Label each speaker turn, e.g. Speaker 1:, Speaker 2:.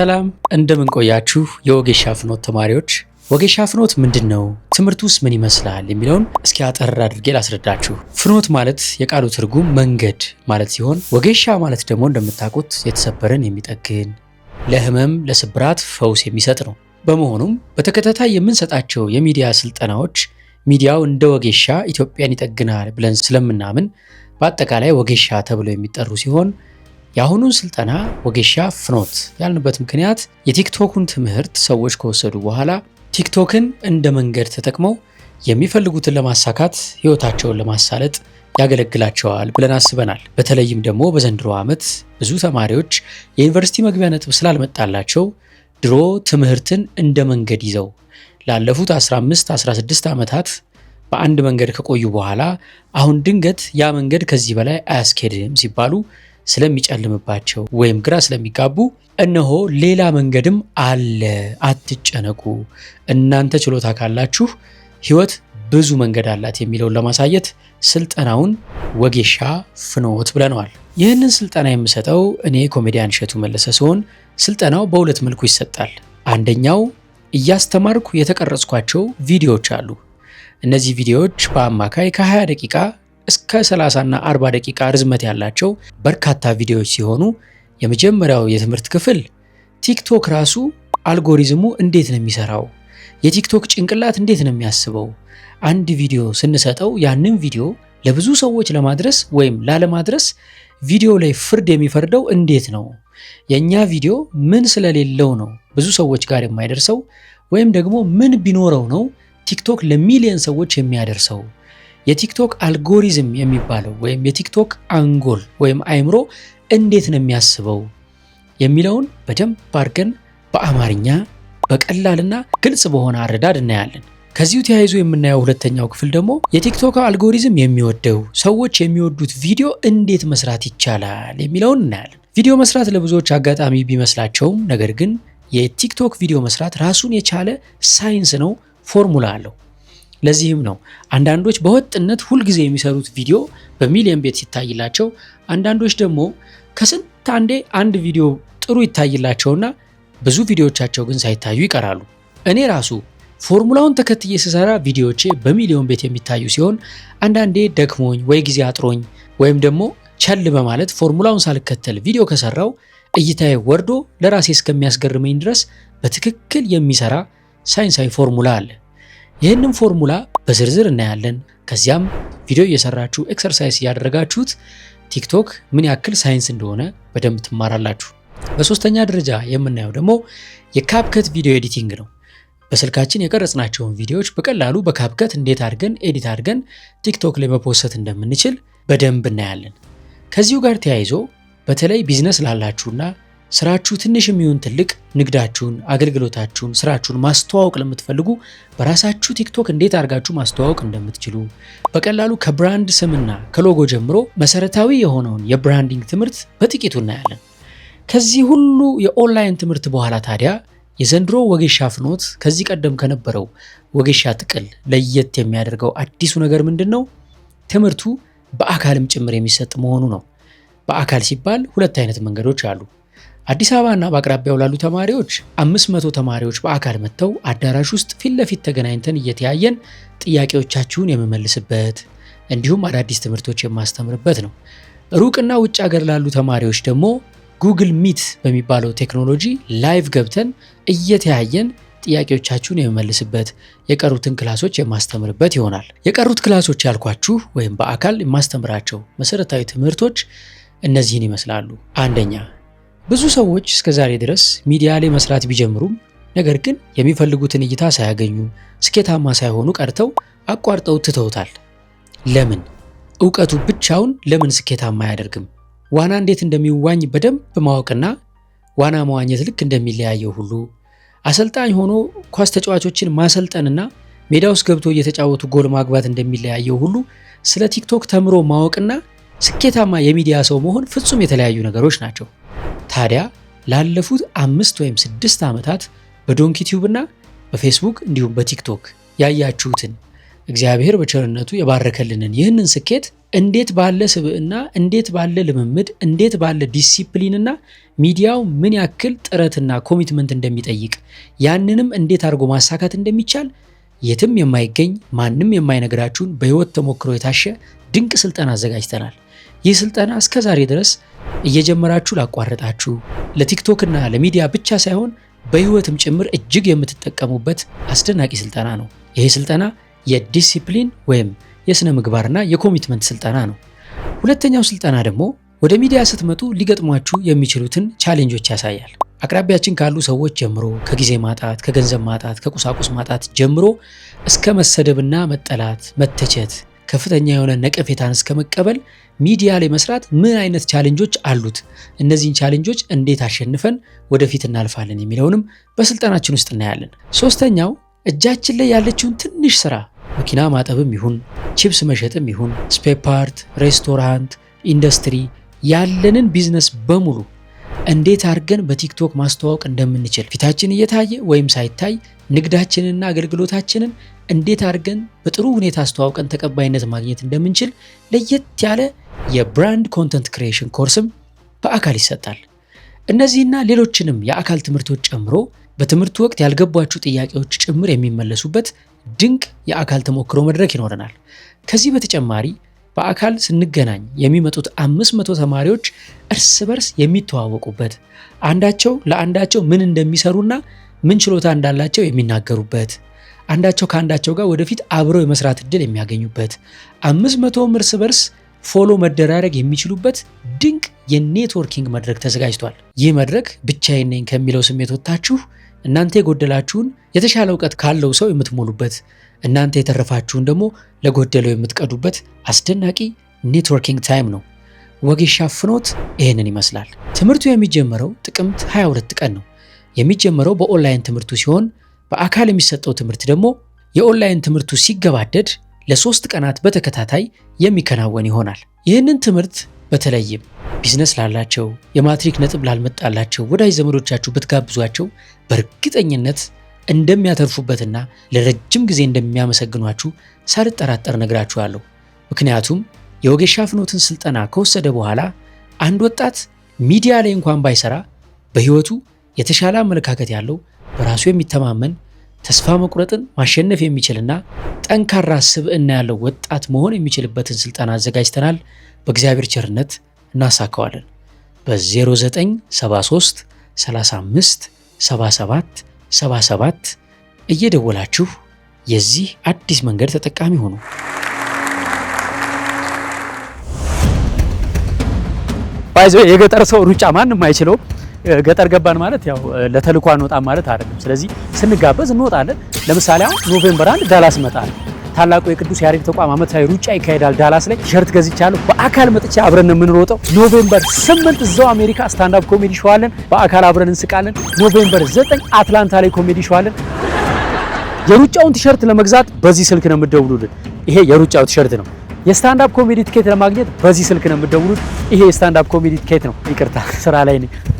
Speaker 1: ሰላም እንደምን ቆያችሁ የወጌሻ ፍኖት ተማሪዎች። ወጌሻ ፍኖት ምንድን ነው? ትምህርት ውስጥ ምን ይመስላል የሚለውን እስኪ አጠር አድርጌ ላስረዳችሁ። ፍኖት ማለት የቃሉ ትርጉም መንገድ ማለት ሲሆን ወጌሻ ማለት ደግሞ እንደምታውቁት የተሰበረን የሚጠግን ለህመም፣ ለስብራት ፈውስ የሚሰጥ ነው። በመሆኑም በተከታታይ የምንሰጣቸው የሚዲያ ስልጠናዎች ሚዲያው እንደ ወጌሻ ኢትዮጵያን ይጠግናል ብለን ስለምናምን በአጠቃላይ ወጌሻ ተብለው የሚጠሩ ሲሆን የአሁኑን ስልጠና ወጌሻ ፍኖት ያልንበት ምክንያት የቲክቶኩን ትምህርት ሰዎች ከወሰዱ በኋላ ቲክቶክን እንደ መንገድ ተጠቅመው የሚፈልጉትን ለማሳካት ህይወታቸውን ለማሳለጥ ያገለግላቸዋል ብለን አስበናል። በተለይም ደግሞ በዘንድሮ ዓመት ብዙ ተማሪዎች የዩኒቨርሲቲ መግቢያ ነጥብ ስላልመጣላቸው ድሮ ትምህርትን እንደ መንገድ ይዘው ላለፉት 15 16 ዓመታት በአንድ መንገድ ከቆዩ በኋላ አሁን ድንገት ያ መንገድ ከዚህ በላይ አያስኬድም ሲባሉ ስለሚጨልምባቸው ወይም ግራ ስለሚጋቡ እነሆ ሌላ መንገድም አለ፣ አትጨነቁ፣ እናንተ ችሎታ ካላችሁ ህይወት ብዙ መንገድ አላት የሚለውን ለማሳየት ስልጠናውን ወጌሻ ፍኖት ብለነዋል። ይህንን ስልጠና የምሰጠው እኔ ኮሜዲያን እሸቱ መለሰ ሲሆን ስልጠናው በሁለት መልኩ ይሰጣል። አንደኛው እያስተማርኩ የተቀረጽኳቸው ቪዲዮዎች አሉ። እነዚህ ቪዲዮዎች በአማካይ ከ20 ደቂቃ እስከ 30ና 40 ደቂቃ ርዝመት ያላቸው በርካታ ቪዲዮዎች ሲሆኑ የመጀመሪያው የትምህርት ክፍል ቲክቶክ ራሱ አልጎሪዝሙ እንዴት ነው የሚሰራው? የቲክቶክ ጭንቅላት እንዴት ነው የሚያስበው? አንድ ቪዲዮ ስንሰጠው ያንን ቪዲዮ ለብዙ ሰዎች ለማድረስ ወይም ላለማድረስ ቪዲዮ ላይ ፍርድ የሚፈርደው እንዴት ነው? የእኛ ቪዲዮ ምን ስለሌለው ነው ብዙ ሰዎች ጋር የማይደርሰው? ወይም ደግሞ ምን ቢኖረው ነው ቲክቶክ ለሚሊየን ሰዎች የሚያደርሰው? የቲክቶክ አልጎሪዝም የሚባለው ወይም የቲክቶክ አንጎል ወይም አይምሮ እንዴት ነው የሚያስበው የሚለውን በደንብ አድርገን በአማርኛ በቀላልና ግልጽ በሆነ አረዳድ እናያለን። ከዚሁ ተያይዞ የምናየው ሁለተኛው ክፍል ደግሞ የቲክቶክ አልጎሪዝም የሚወደው ሰዎች የሚወዱት ቪዲዮ እንዴት መስራት ይቻላል የሚለውን እናያለን። ቪዲዮ መስራት ለብዙዎች አጋጣሚ ቢመስላቸውም ነገር ግን የቲክቶክ ቪዲዮ መስራት ራሱን የቻለ ሳይንስ ነው፣ ፎርሙላ አለው። ለዚህም ነው አንዳንዶች በወጥነት ሁልጊዜ የሚሰሩት ቪዲዮ በሚሊየን ቤት ሲታይላቸው፣ አንዳንዶች ደግሞ ከስንት አንዴ አንድ ቪዲዮ ጥሩ ይታይላቸውና ብዙ ቪዲዮዎቻቸው ግን ሳይታዩ ይቀራሉ። እኔ ራሱ ፎርሙላውን ተከትዬ ስሰራ ቪዲዮዎቼ በሚሊዮን ቤት የሚታዩ ሲሆን አንዳንዴ ደክሞኝ ወይ ጊዜ አጥሮኝ ወይም ደግሞ ቸል በማለት ፎርሙላውን ሳልከተል ቪዲዮ ከሰራው እይታዬ ወርዶ ለራሴ እስከሚያስገርመኝ ድረስ በትክክል የሚሰራ ሳይንሳዊ ፎርሙላ አለ። ይህንን ፎርሙላ በዝርዝር እናያለን። ከዚያም ቪዲዮ እየሰራችሁ ኤክሰርሳይዝ እያደረጋችሁት ቲክቶክ ምን ያክል ሳይንስ እንደሆነ በደንብ ትማራላችሁ። በሶስተኛ ደረጃ የምናየው ደግሞ የካፕከት ቪዲዮ ኤዲቲንግ ነው። በስልካችን የቀረጽናቸውን ቪዲዮዎች በቀላሉ በካፕከት እንዴት አድርገን ኤዲት አድርገን ቲክቶክ ላይ መፖሰት እንደምንችል በደንብ እናያለን። ከዚሁ ጋር ተያይዞ በተለይ ቢዝነስ ላላችሁና ስራችሁ ትንሽ የሚሆን ትልቅ ንግዳችሁን፣ አገልግሎታችሁን፣ ስራችሁን ማስተዋወቅ ለምትፈልጉ በራሳችሁ ቲክቶክ እንዴት አድርጋችሁ ማስተዋወቅ እንደምትችሉ በቀላሉ ከብራንድ ስምና ከሎጎ ጀምሮ መሰረታዊ የሆነውን የብራንዲንግ ትምህርት በጥቂቱ እናያለን። ከዚህ ሁሉ የኦንላይን ትምህርት በኋላ ታዲያ የዘንድሮ ወጌሻ ፍኖት ከዚህ ቀደም ከነበረው ወጌሻ ጥቅል ለየት የሚያደርገው አዲሱ ነገር ምንድን ነው? ትምህርቱ በአካልም ጭምር የሚሰጥ መሆኑ ነው። በአካል ሲባል ሁለት አይነት መንገዶች አሉ። አዲስ አበባና በአቅራቢያው ላሉ ተማሪዎች 500 ተማሪዎች በአካል መጥተው አዳራሽ ውስጥ ፊት ለፊት ተገናኝተን እየተያየን ጥያቄዎቻችሁን የምመልስበት እንዲሁም አዳዲስ ትምህርቶች የማስተምርበት ነው። ሩቅና ውጭ ሀገር ላሉ ተማሪዎች ደግሞ ጉግል ሚት በሚባለው ቴክኖሎጂ ላይቭ ገብተን እየተያየን ጥያቄዎቻችሁን የምመልስበት የቀሩትን ክላሶች የማስተምርበት ይሆናል። የቀሩት ክላሶች ያልኳችሁ ወይም በአካል የማስተምራቸው መሰረታዊ ትምህርቶች እነዚህን ይመስላሉ። አንደኛ ብዙ ሰዎች እስከ ዛሬ ድረስ ሚዲያ ላይ መስራት ቢጀምሩም ነገር ግን የሚፈልጉትን እይታ ሳያገኙ ስኬታማ ሳይሆኑ ቀርተው አቋርጠው ትተውታል። ለምን? እውቀቱ ብቻውን ለምን ስኬታማ አያደርግም? ዋና እንዴት እንደሚዋኝ በደንብ ማወቅና ዋና መዋኘት ልክ እንደሚለያየው ሁሉ አሰልጣኝ ሆኖ ኳስ ተጫዋቾችን ማሰልጠንና ሜዳ ውስጥ ገብቶ እየተጫወቱ ጎል ማግባት እንደሚለያየው ሁሉ ስለ ቲክቶክ ተምሮ ማወቅና ስኬታማ የሚዲያ ሰው መሆን ፍጹም የተለያዩ ነገሮች ናቸው። ታዲያ ላለፉት አምስት ወይም ስድስት ዓመታት በዶንኪ ና በፌስቡክ እንዲሁም በቲክቶክ ያያችሁትን እግዚአብሔር በቸርነቱ የባረከልንን ይህንን ስኬት እንዴት ባለ ስብዕና፣ እንዴት ባለ ልምምድ፣ እንዴት ባለ ዲሲፕሊንና ሚዲያው ምን ያክል ጥረትና ኮሚትመንት እንደሚጠይቅ ያንንም እንዴት አድርጎ ማሳካት እንደሚቻል የትም የማይገኝ ማንም የማይነግራችሁን በህይወት ተሞክሮ የታሸ ድንቅ ስልጠና አዘጋጅተናል። ይህ ስልጠና እስከ ዛሬ ድረስ እየጀመራችሁ ላቋረጣችሁ ለቲክቶክ እና ለሚዲያ ብቻ ሳይሆን በህይወትም ጭምር እጅግ የምትጠቀሙበት አስደናቂ ስልጠና ነው። ይሄ ስልጠና የዲሲፕሊን ወይም የስነ ምግባርና የኮሚትመንት ስልጠና ነው። ሁለተኛው ስልጠና ደግሞ ወደ ሚዲያ ስትመጡ ሊገጥሟችሁ የሚችሉትን ቻሌንጆች ያሳያል። አቅራቢያችን ካሉ ሰዎች ጀምሮ ከጊዜ ማጣት፣ ከገንዘብ ማጣት፣ ከቁሳቁስ ማጣት ጀምሮ እስከ መሰደብና መጠላት፣ መተቸት ከፍተኛ የሆነ ነቀፌታን እስከ መቀበል ሚዲያ ላይ መስራት ምን አይነት ቻሌንጆች አሉት? እነዚህን ቻሌንጆች እንዴት አሸንፈን ወደፊት እናልፋለን የሚለውንም በስልጠናችን ውስጥ እናያለን። ሶስተኛው እጃችን ላይ ያለችውን ትንሽ ስራ መኪና ማጠብም ይሁን ቺፕስ መሸጥም ይሁን ስፔፓርት፣ ሬስቶራንት፣ ኢንዱስትሪ ያለንን ቢዝነስ በሙሉ እንዴት አድርገን በቲክቶክ ማስተዋወቅ እንደምንችል ፊታችን እየታየ ወይም ሳይታይ ንግዳችንንና አገልግሎታችንን እንዴት አድርገን በጥሩ ሁኔታ አስተዋውቀን ተቀባይነት ማግኘት እንደምንችል ለየት ያለ የብራንድ ኮንተንት ክሪኤሽን ኮርስም በአካል ይሰጣል። እነዚህና ሌሎችንም የአካል ትምህርቶች ጨምሮ በትምህርቱ ወቅት ያልገቧችሁ ጥያቄዎች ጭምር የሚመለሱበት ድንቅ የአካል ተሞክሮ መድረክ ይኖረናል። ከዚህ በተጨማሪ በአካል ስንገናኝ የሚመጡት 500 ተማሪዎች እርስ በርስ የሚተዋወቁበት አንዳቸው ለአንዳቸው ምን እንደሚሰሩና ምን ችሎታ እንዳላቸው የሚናገሩበት አንዳቸው ከአንዳቸው ጋር ወደፊት አብረው የመስራት እድል የሚያገኙበት አምስት መቶም እርስ በርስ ፎሎ መደራረግ የሚችሉበት ድንቅ የኔትወርኪንግ መድረክ ተዘጋጅቷል። ይህ መድረክ ብቻዬን ነኝ ከሚለው ስሜት ወጥታችሁ እናንተ የጎደላችሁን የተሻለ እውቀት ካለው ሰው የምትሞሉበት፣ እናንተ የተረፋችሁን ደግሞ ለጎደለው የምትቀዱበት አስደናቂ ኔትወርኪንግ ታይም ነው። ወጌሻ ፍኖት ይህንን ይመስላል። ትምህርቱ የሚጀመረው ጥቅምት 22 ቀን ነው። የሚጀመረው በኦንላይን ትምህርቱ ሲሆን በአካል የሚሰጠው ትምህርት ደግሞ የኦንላይን ትምህርቱ ሲገባደድ ለሶስት ቀናት በተከታታይ የሚከናወን ይሆናል። ይህንን ትምህርት በተለይም ቢዝነስ ላላቸው፣ የማትሪክ ነጥብ ላልመጣላቸው ወዳጅ ዘመዶቻችሁ ብትጋብዟቸው በእርግጠኝነት እንደሚያተርፉበትና ለረጅም ጊዜ እንደሚያመሰግኗችሁ ሳልጠራጠር ነግራችኋለሁ። ምክንያቱም የወጌሻ ፍኖትን ስልጠና ከወሰደ በኋላ አንድ ወጣት ሚዲያ ላይ እንኳን ባይሰራ በህይወቱ የተሻለ አመለካከት ያለው በራሱ የሚተማመን ተስፋ መቁረጥን ማሸነፍ የሚችልና ጠንካራ ስብዕና ያለው ወጣት መሆን የሚችልበትን ስልጠና አዘጋጅተናል። በእግዚአብሔር ቸርነት እናሳካዋለን። በ0973 35 77 77 እየደወላችሁ የዚህ አዲስ መንገድ ተጠቃሚ ሆኑ።
Speaker 2: ባይዞ የገጠር ሰው ሩጫ ማንም አይችለውም። ገጠር ገባን ማለት ያው ለተልእኮ አንወጣም ማለት አይደለም። ስለዚህ ስንጋበዝ እንወጣለን። ለምሳሌ አሁን ኖቬምበር አንድ ዳላስ መጣል ታላቁ የቅዱስ ያሬድ ተቋም ዓመታዊ ሩጫ ይካሄዳል ዳላስ ላይ። ቲሸርት ገዝቻለሁ። በአካል መጥቼ አብረን የምንሮጠው ኖቬምበር ስምንት እዛው አሜሪካ ስታንዳፕ ኮሜዲ ሸዋለን። በአካል አብረን እንስቃለን። ኖቬምበር ዘጠኝ አትላንታ ላይ ኮሜዲ ሸዋለን። የሩጫውን ቲሸርት ለመግዛት በዚህ ስልክ ነው የምደውሉልን። ይሄ የሩጫው ቲሸርት ነው። የስታንዳፕ ኮሜዲ ትኬት ለማግኘት በዚህ ስልክ ነው የምትደውሉት። ይሄ የስታንዳፕ ኮሜዲ ትኬት ነው። ይቅርታ ስራ ላይ ነኝ።